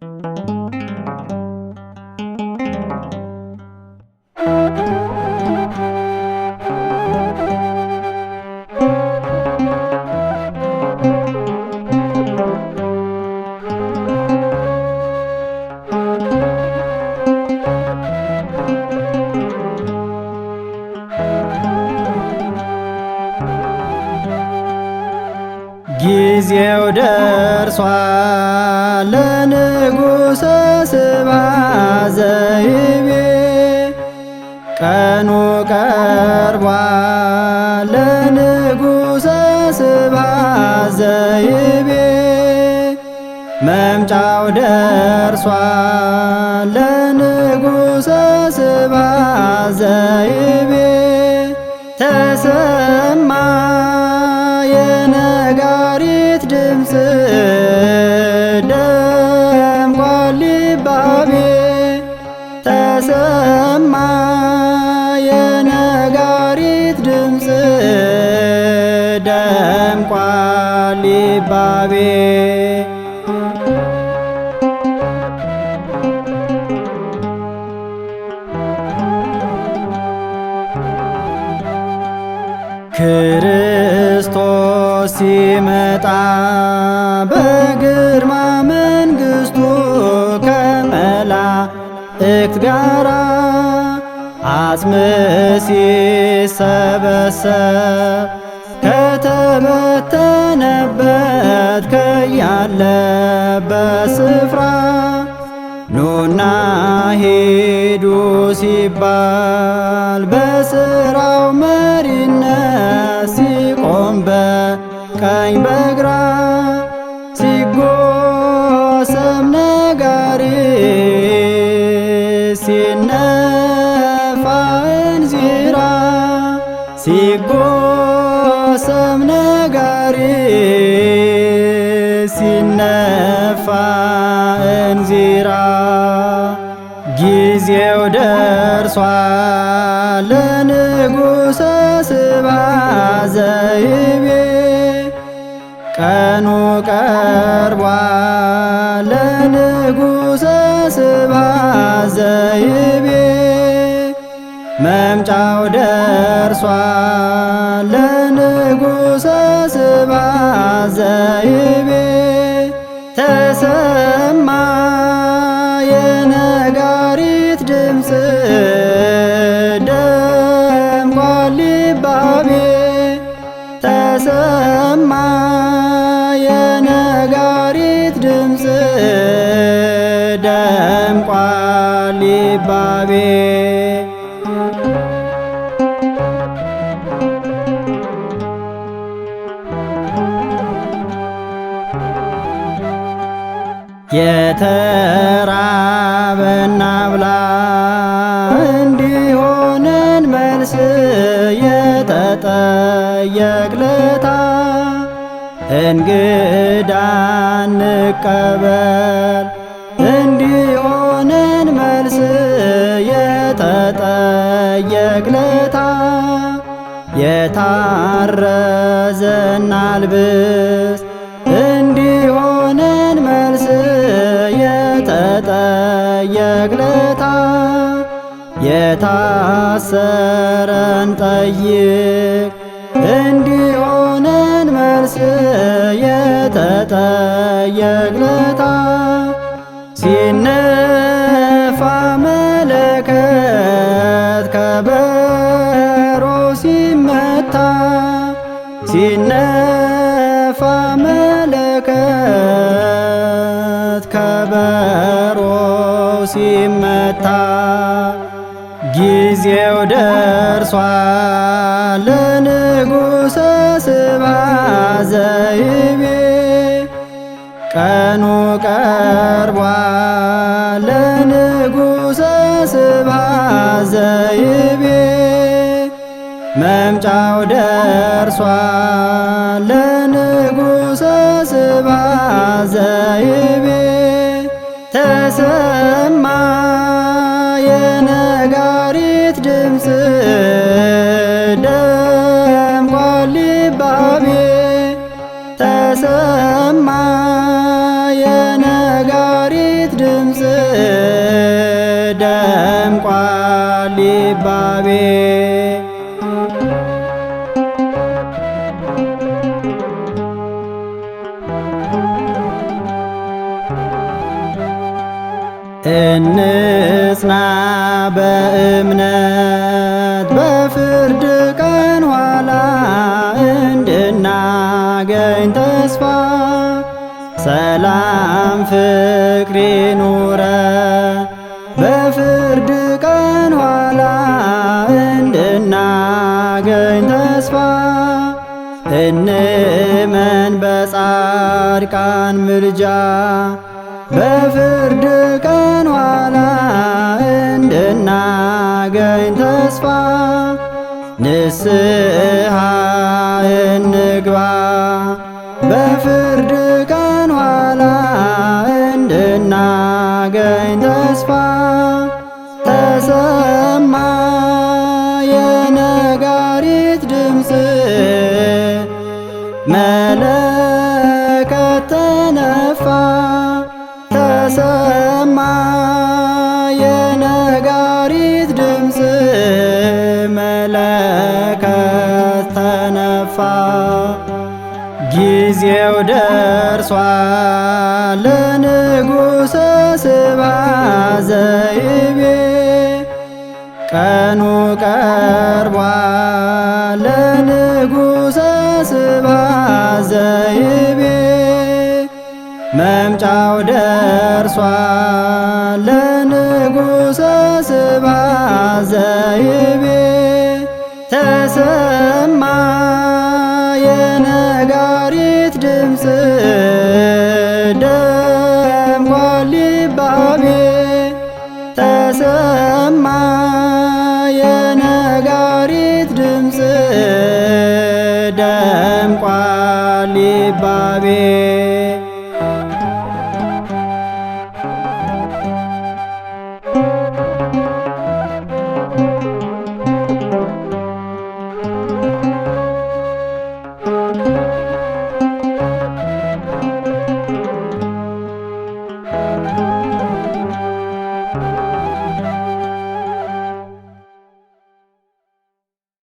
Thank you. ራሷ ለንጉሠ ስብሐ ዘይቤ ቀኑ ቀርቧል ለንጉሠ ስብሐ ዘይቤ መምጫው ደርሷል ለንጉሠ ስብሐ ዘይቤ ተሰማ የነጋሪት ድምፅ ሊባቤ ክርስቶስ ሲመጣ በግርማ መንግሥቱ ከመላእክት ጋራ አጽም ሲሰበሰብ ከተበተነበት ከያለበት ስፍራ ኑና ሄዱ ሲባል በስራው መሪነት ሲቆም በቀኝ በግራ ሰም ነጋሪ ሲነፋ እንዚራ ጊዜው ደርሷል ለንጉሰ ስባ ዘይቤ ቀኑ ቀርቧል ለንጉሰ ስባ ዘይቤ መምጫው ደር ደርሷል ለንጉሠ ስባ ዘይቤ ተሰማ የነጋሪት ድምፅ ደምቋል ሊባቤ ተሰማ የተራበና ብላ እንዲሆንን መልስ የተጠየቅለታ እንግዳ እንቀበል እንዲሆንን መልስ የተጠየቅለታ የታረዘና ልብስ የታሰረን ጠይቅ እንዲሆነን መልስ የተጠየቅለታ ሲነፋ መለከት ከበሮ ሲመታ ሲነፋ መለከት ከበሮ ሲመታ ጊዜው ደርሷል ለንጉሠ ስባ ዘይቤ ቀኑ ቀርቧል ለንጉሠ ስባ ዘይቤ መምጫው ደርሷል ለንጉሠ ስባ ዘይቤ ተሰማ ser እንጽና በእምነት በፍርድ ቀን ኋላ እንድናገኝ ተስፋ ሰላም ፍቅር ኑረ በፍርድ ቀን ኋላ እንድናገኝ ተስፋ እንመን በጻድቃን ምልጃ በፍርድ ቀን ኋላ እንድናገኝ ተስፋ ንስሐ እንግባ በፍርድ ተሰማ የነጋሪት ድምፅ መለከት ተነፋ ጊዜው ደርሷል ለንጉሠ ስባ ዘይቤ ቀኑ ቀርቧል መምጫው ደርሷል ለንጉሠ ስብሐት ዘይቤ ተሰማ የነጋሪት ድምፅ ደምቋል ሊባቤ ተሰማ የነጋሪት ድምፅ ደምቋል ሊባቤ